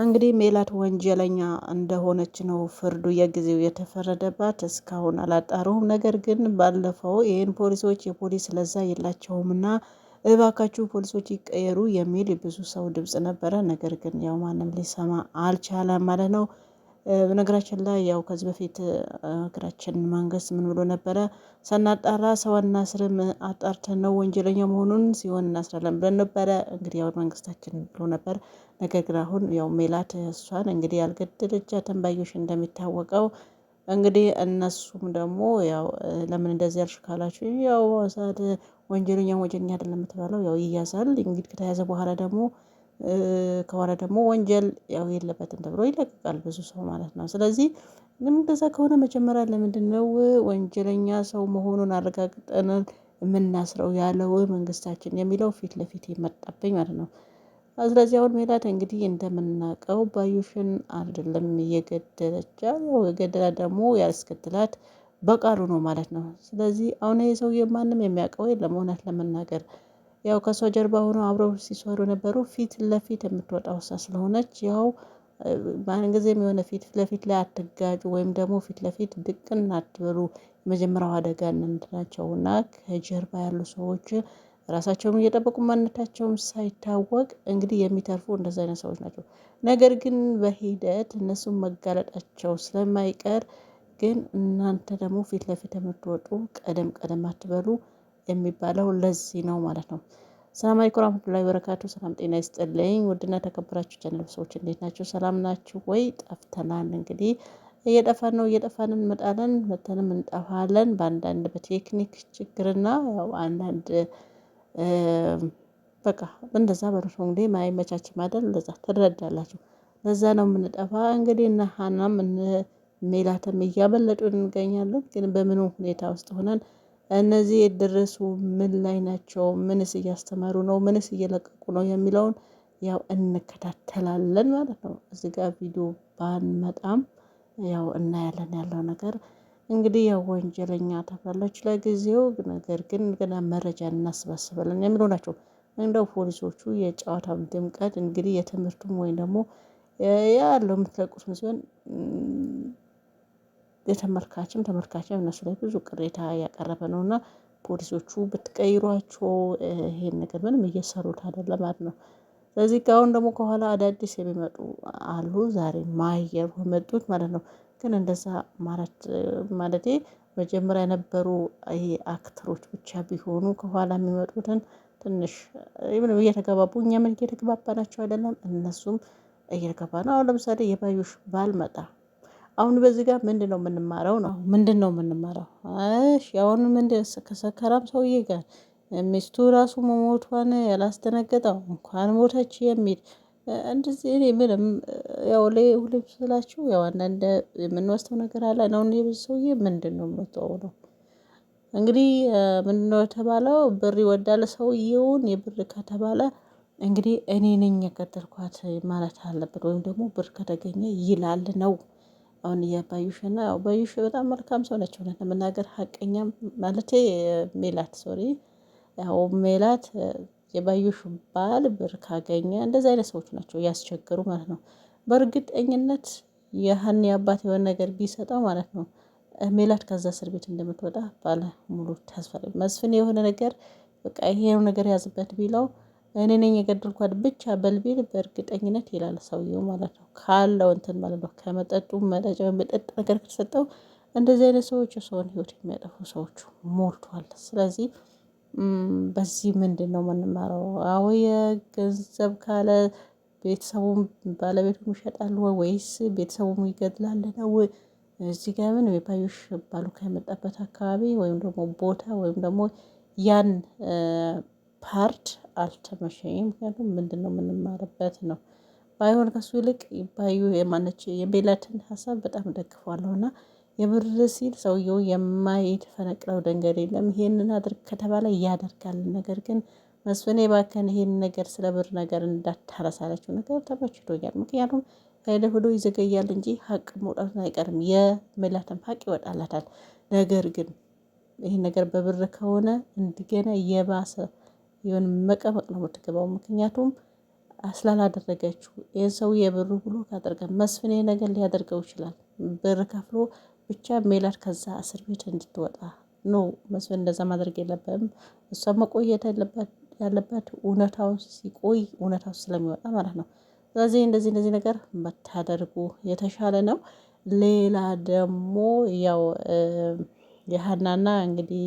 እንግዲህ ሜላት ወንጀለኛ እንደሆነች ነው ፍርዱ የጊዜው የተፈረደባት። እስካሁን አላጣሩም። ነገር ግን ባለፈው ይህን ፖሊሶች የፖሊስ ለዛ የላቸውምና እባካችሁ ፖሊሶች ይቀየሩ የሚል ብዙ ሰው ድምፅ ነበረ። ነገር ግን ያው ማንም ሊሰማ አልቻለም ማለት ነው። በነገራችን ላይ ያው ከዚህ በፊት ሀገራችን መንግስት ምን ብሎ ነበረ? ሳናጣራ ሰው አናስርም አጣርተን ነው ወንጀለኛ መሆኑን ሲሆን እናስራለን ብለን ነበረ። እንግዲህ ያው መንግስታችን ብሎ ነበር። ነገር ግን አሁን ያው ሜላት እሷን እንግዲህ ያልገደለቻትን ባዮሽ እንደሚታወቀው እንግዲህ እነሱም ደግሞ ያው ለምን እንደዚህ ያልሽ ካላችሁ ያው ሰዓት ወንጀለኛ ወንጀለኛ አይደለም የምትባለው ያው ይያዛል። እንግዲህ ከተያዘ በኋላ ደግሞ ከሆነ ደግሞ ወንጀል ያው የለበትም ተብሎ ይለቀቃል ብዙ ሰው ማለት ነው። ስለዚህ ግን እንደዛ ከሆነ መጀመሪያ ነው ወንጀለኛ ሰው መሆኑን አረጋግጠን የምናስረው ያለው መንግስታችን የሚለው ፊት ለፊት መጣብኝ ማለት ነው። ስለዚህ አሁን ሜላት እንግዲህ እንደምናውቀው ባዩሽን አይደለም ያው የገደላ ደግሞ ያስገድላት በቃሉ ነው ማለት ነው። ስለዚህ አሁን ይሄ ሰውዬ ማንም የሚያውቀው የለም እውነት ለመናገር ያው ከሰው ጀርባ ሆነው አብረው ሲሰሩ ነበሩ። ፊት ለፊት የምትወጣው እሷ ስለሆነች ያው ጊዜም የሆነ ፊት ለፊት ላይ አትጋጩ ወይም ደግሞ ፊት ለፊት ድቅን አትበሉ። የመጀመሪያው አደጋ እናንተ ናቸውና ከጀርባ ያሉ ሰዎች ራሳቸውም እየጠበቁ ማንነታቸውም ሳይታወቅ እንግዲህ የሚተርፉ እንደዚ አይነት ሰዎች ናቸው። ነገር ግን በሂደት እነሱም መጋለጣቸው ስለማይቀር ግን እናንተ ደግሞ ፊት ለፊት የምትወጡ ቀደም ቀደም አትበሉ የሚባለው ለዚህ ነው ማለት ነው። ሰላም አለይኩም ወራህመቱላሂ ወበረካቱ። ሰላም ጤና ይስጥልኝ። ውድና ተከበራችሁ ቻናል ሰዎች እንዴት ናቸው? ሰላም ናችሁ ወይ? ጠፍተናል። እንግዲህ እየጠፋን ነው፣ እየጠፋን እንመጣለን፣ መተንም እንጠፋለን። በአንዳንድ በቴክኒክ ችግርና ያው አንዳንድ በቃ እንደዛ በረሶ እንግዲህ ማይመቻች ማደል ለዛ ትረዳላችሁ። ለዛ ነው የምንጠፋ እንግዲህ እና ሀናም ሜላትም እያመለጡን እንገኛለን። ግን በምኑ ሁኔታ ውስጥ ሆነን እነዚህ የደረሱ ምን ላይ ናቸው? ምንስ እያስተማሩ ነው? ምንስ እየለቀቁ ነው? የሚለውን ያው እንከታተላለን ማለት ነው። እዚህ ጋር ቪዲዮ ባንመጣም ያው እናያለን ያለው ነገር እንግዲህ ያው ወንጀለኛ ተብላለች ለጊዜው፣ ነገር ግን ገና መረጃ እናሰባስባለን የሚሉ ናቸው። እንደው ፖሊሶቹ የጨዋታም ድምቀት እንግዲህ የትምህርቱም ወይም ደግሞ ያለው የምትለቁት ሲሆን የተመልካችም ተመልካችም እነሱ ላይ ብዙ ቅሬታ ያቀረበ ነው እና ፖሊሶቹ ብትቀይሯቸው ይሄን ነገር ምንም እየሰሩት አይደለም ማለት ነው። ስለዚህ አሁን ደግሞ ከኋላ አዳዲስ የሚመጡ አሉ ዛሬ ማየው የመጡት ማለት ነው። ግን እንደዛ ማለት ማለት መጀመሪያ የነበሩ አክተሮች ብቻ ቢሆኑ ከኋላ የሚመጡትን ትንሽ እየተገባቡ እኛ ምን እየተገባባናቸው አይደለም እነሱም እየተገባ ነው። አሁን ለምሳሌ የባዮሽ መጣ። አሁን በዚህ ጋር ምንድን ነው የምንማረው? ነው ምንድን ነው የምንማረው? እሺ አሁን ምንድን ከሰከራም ሰውዬ ጋር ሚስቱ ራሱ መሞቷን ያላስደነገጠው እንኳን ሞተች የሚል እንደዚህ እኔ ምንም ያው ላይ ሁሌም ስላችሁ ያው አንዳንድ የምንወስደው ነገር አለ ነው። እኔ ብዙ ሰውዬ ምንድን ነው የምትወው ነው እንግዲህ ምንድነው የተባለው? ብር ይወዳል ሰውየውን የብር ከተባለ እንግዲህ እኔ ነኝ የገደልኳት ማለት አለበት ወይም ደግሞ ብር ከተገኘ ይላል ነው አሁን እያባዩሽ እና ያው ባዩሽ በጣም መልካም ሰው ነች። እውነት ለመናገር ሀቀኛ ማለቴ ሜላት ሶሪ፣ ያው ሜላት የባዩሽ ባል ብር ካገኘ እንደዚህ አይነት ሰዎች ናቸው እያስቸገሩ ማለት ነው። በእርግጠኝነት የሀኒ አባት የሆነ ነገር ቢሰጠው ማለት ነው ሜላት ከዛ እስር ቤት እንደምትወጣ ባለ ሙሉ ተስፋ መስፍን የሆነ ነገር በቃ ይሄው ነገር ያዝበት ቢለው እኔ ነኝ የገደልኳት ብቻ በል በእርግጠኝነት ይላል ሰውየው ማለት ነው። ካለው እንትን ማለት ነው ከመጠጡ መጠጫ መጠጥ ነገር ከተሰጠው እንደዚህ አይነት ሰዎች የሰውን ህይወት የሚያጠፉ ሰዎች ሞልቷል። ስለዚህ በዚህ ምንድን ነው የምንማረው? አዎ የገንዘብ ካለ ቤተሰቡም ባለቤቱም ይሸጣል ወይስ ቤተሰቡም ይገድላል ነው? እዚህ ጋር ምን ባዮሽ ባሉ ከመጣበት አካባቢ ወይም ደግሞ ቦታ ወይም ደግሞ ያን ፓርድ አልተመቸኝም። ምክንያቱም ነው የምንማርበት ነው። ባይሆን ከሱ ይልቅ ባዩ የማነች የሜላትን ሀሳብ በጣም ደግፏለሁ እና የብር ሲል ሰውየው የማይፈነቅለው ደንገር የለም። ይሄንን አድርግ ከተባለ እያደርጋል። ነገር ግን መስፍኔ እባክህን ይሄን ነገር ስለ ብር ነገር እንዳታረሳለችው ነገር ተመችቶኛል። ምክንያቱም ሄደ ሆዶ ይዘገያል እንጂ ሀቅ መውጣቱን አይቀርም። የሜላትም ሀቅ ይወጣላታል። ነገር ግን ይህን ነገር በብር ከሆነ እንደገና የባሰ የሆነ መቀመቅ ነው የምትገባው። ምክንያቱም ስላላደረገችው ይህን ሰው የብሩ ብሎ ካደርገ መስፍን ነገር ሊያደርገው ይችላል። ብር ከፍሎ ብቻ ሜላት ከዛ እስር ቤት እንድትወጣ ኖ መስፍን እንደዛ ማድረግ የለበትም። እሷ መቆየት ያለበት እውነታው ሲቆይ እውነታው ስለሚወጣ ማለት ነው። ስለዚህ እንደዚህ እንደዚህ ነገር መታደርጉ የተሻለ ነው። ሌላ ደግሞ ያው የሀናና እንግዲህ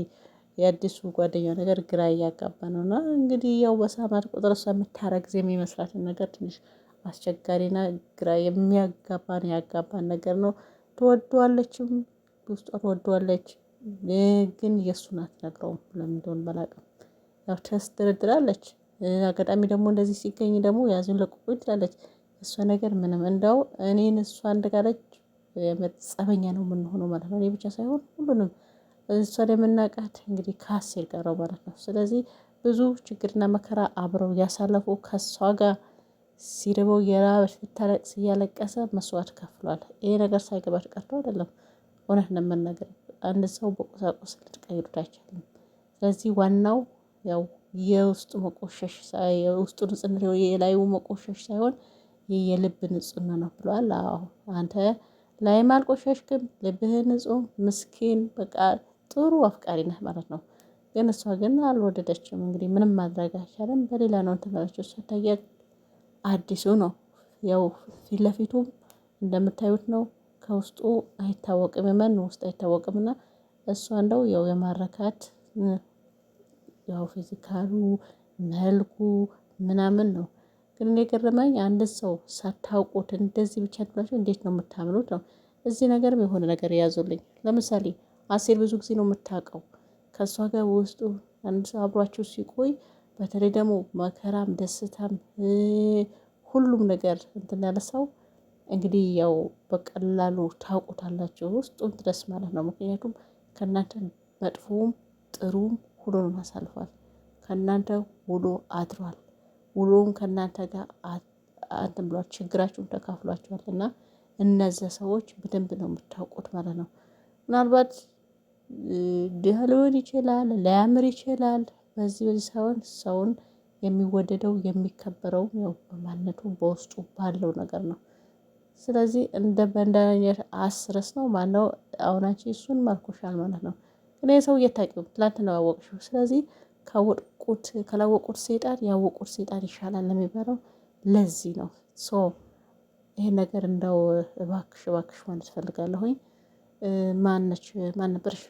የአዲሱ ጓደኛው ነገር ግራ እያጋባ ነው። እና እንግዲህ ያው በሳማት ቁጥር እሷ የምታረግዝ የሚመስላትን ነገር ትንሽ አስቸጋሪና ግራ የሚያጋባን ያጋባን ነገር ነው። ትወደዋለችም ውስጧ ትወደዋለች፣ ግን የእሱን አትነግረውም። ለምን እንደሆነ ባላውቅም ያው ተስደረድራለች። አጋጣሚ ደግሞ እንደዚህ ሲገኝ ደግሞ ያዙን ለቁቁ ትላለች። እሷ ነገር ምንም እንዳው እኔን እሷ እንደጋለች ጸበኛ ነው የምንሆነው ማለት ነው። እኔ ብቻ ሳይሆን ሁሉንም እሷ የምናውቃት እንግዲህ ከአሴር ጋር ማለት ነው። ስለዚህ ብዙ ችግርና መከራ አብረው ያሳለፉ ከሷ ጋር ሲርበው የራበች ብታለቅስ እያለቀሰ መስዋዕት ከፍሏል። ይሄ ነገር ሳይገባ ቀርቶ አይደለም። እውነት ነው አንድ ሰው በቁሳቁስ ልትቀይሩት አይቻልም። ስለዚህ ዋናው ያው የውስጡ መቆሸሽ የውስጡ ንጽህና የላዩ መቆሸሽ ሳይሆን የልብ ንጽህና ነው ብሏል። አዎ አንተ ላይም አልቆሸሽ ግን ልብህ ንጹህ ምስኪን በቃል ጥሩ አፍቃሪ ነህ ማለት ነው። ግን እሷ ግን አልወደደችም እንግዲህ ምንም ማድረግ አይቻልም። በሌላ ነው እንትን አለችው አዲሱ ነው ያው ፊት ለፊቱም እንደምታዩት ነው ከውስጡ አይታወቅም የማን ውስጥ አይታወቅምና እሷ እንደው ያው የማረካት ያው ፊዚካሉ መልኩ ምናምን ነው። ግን እኔ የገረመኝ አንድ ሰው ሳታውቁት እንደዚህ ብቻ ብላችሁ እንዴት ነው የምታምኑት ነው? እዚህ ነገርም የሆነ ነገር የያዙልኝ ለምሳሌ አሴር ብዙ ጊዜ ነው የምታውቀው። ከእሷ ጋር በውስጡ አንድ ሰው አብሯቸው ሲቆይ በተለይ ደግሞ መከራም ደስታም ሁሉም ነገር እንትን ያለ ሰው እንግዲህ ያው በቀላሉ ታውቁታላችሁ ውስጡም ድረስ ማለት ነው። ምክንያቱም ከእናንተ መጥፎውም ጥሩም ሁሉንም አሳልፏል። ከእናንተ ውሎ አድሯል። ውሎም ከእናንተ ጋር እንትን ብሏል። ችግራችሁም ተካፍሏቸዋል እና እነዚያ ሰዎች በደንብ ነው የምታውቁት ማለት ነው ምናልባት ድሃ ሊሆን ይችላል ሊያምር ይችላል በዚህ በዚህ ሳይሆን ሰውን የሚወደደው የሚከበረው ያው በማንነቱ በውስጡ ባለው ነገር ነው። ስለዚህ እንደ በእንደነኝህ አስረስ ነው ማነው አሁን አንቺ እሱን መርኮሻል ማለት ነው። ግን ይሄ ሰው እየታቂው ትላንት ነው ያወቅሽው ስለዚህ ካወቅኩት ከላወቁት ሴጣን ያወቁት ሴጣን ይሻላል የሚባለው ለዚህ ነው። ሶ ይሄ ነገር እንደው እባክሽ እባክሽ ማለት እፈልጋለሁኝ። ማን ነች ማን ነበርሽ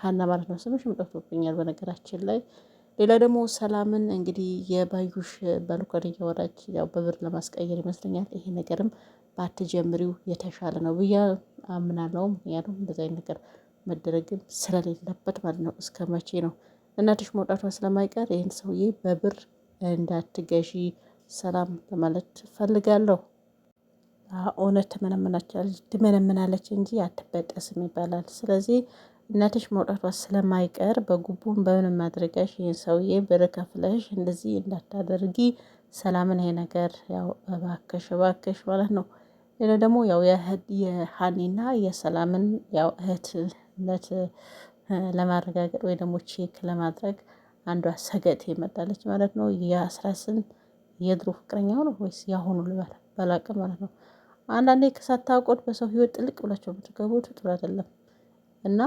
ሀና ማለት ነው ስምሽ ምጠፍቶብኛል። በነገራችን ላይ ሌላ ደግሞ ሰላምን እንግዲህ የባዩሽ ባልኮን እያወራች ያው በብር ለማስቀየር ይመስለኛል ይሄ ነገርም ባትጀምሪው የተሻለ ነው ብዬ አምናለው ምክንያቱም እንደዚ አይነት ነገር መደረግም ስለሌለበት ማለት ነው። እስከ መቼ ነው እናትሽ መውጣቷ ስለማይቀር ይህን ሰውዬ በብር እንዳትገዢ ሰላም ለማለት ፈልጋለሁ። እውነት ትመነምናለች እንጂ አትበጠስም ይባላል። ስለዚህ እናትሽ መውጣቷ ስለማይቀር በጉቦም በምን ማድረጋሽ ይህን ሰውዬ ብር ከፍለሽ እንደዚህ እንዳታደርጊ ሰላምን ይሄ ነገር ያው እባክሽ እባክሽ ማለት ነው። ሌላ ደግሞ ያው የሀኒና የሰላምን ያው እህትነት ለማረጋገጥ ወይ ደግሞ ቼክ ለማድረግ አንዷ ሰገጤ ይመጣለች ማለት ነው። የአስራ ስንት የድሮ ፍቅረኛው ነው ወይስ የአሁኑ ልበል ባላቅም ማለት ነው። አንዳንዴ ከሳታውቁት በሰው ህይወት ጥልቅ ብላቸው የምትገቡት ጥሩ አይደለም እና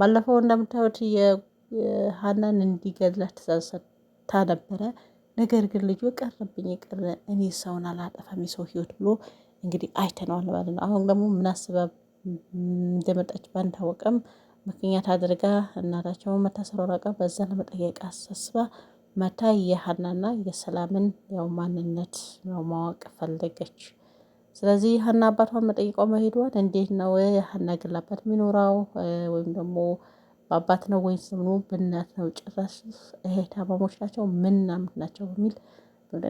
ባለፈው እንደምታዩት የሀናን እንዲገድላት ትእዛዝ ሰጥታ ነበረ። ነገር ግን ልጁ ቀረብኝ የቀረ እኔ ሰውን አላጠፋም የሰው ህይወት ብሎ እንግዲህ አይተነዋል ማለት ነው። አሁን ደግሞ ምን አስባ እንደመጣች ባንታወቀም ምክንያት አድርጋ እናታቸውን መታሰሯን አውቃ በዛ ለመጠየቅ አሳስባ መታ የሀናና የሰላምን ያው ማንነት ያው ማወቅ ፈለገች። ስለዚህ ሀና አባቷን መጠይቀው መሄዷን እንዴት ነው ሀና ግል አባት የሚኖራው ወይም ደግሞ በአባት ነው ወይም ስምኖ ብናት ነው? ጭራሽ እህት አማሞች ናቸው ምናምንት ናቸው በሚል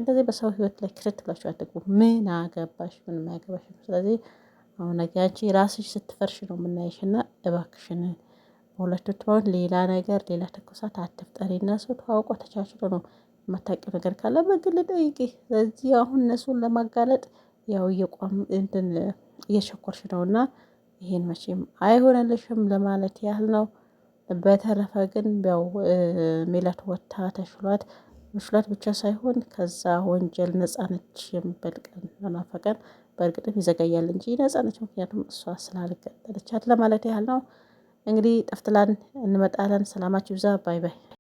እንደዚህ በሰው ህይወት ላይ ክርት ብላችሁ አትግቡ። ምን አገባሽ? ምንም አያገባሽም። ስለዚህ አሁን አንቺ ራስሽ ስትፈርሽ ነው ና እባክሽን በሁለቱ ትሆን ሌላ ነገር ሌላ ተኮሳት አትፍጠሪና ሰው ተዋውቆ ተቻችሎ ነው የማታውቂው ነገር ካለ በግል ጠይቂ። ስለዚህ አሁን እነሱን ለማጋለጥ ያው እየቋም እንትን እየሸኮርሽ እና ይሄን መቼም አይሆነልሽም ለማለት ያህል ነው። በተረፈ ግን ያው ሜላት ወታ ተሽሏት መሽሏት ብቻ ሳይሆን ከዛ ወንጀል ነፃ ነች የሚባል ቀን ለናፈቀን በእርግጥም ይዘገያል እንጂ ነፃ ነች፣ ምክንያቱም እሷ ስላልገደለቻት ለማለት ያህል ነው። እንግዲህ ጠፍትላን እንመጣለን። ሰላማችሁ ይብዛ። ባይ ባይ።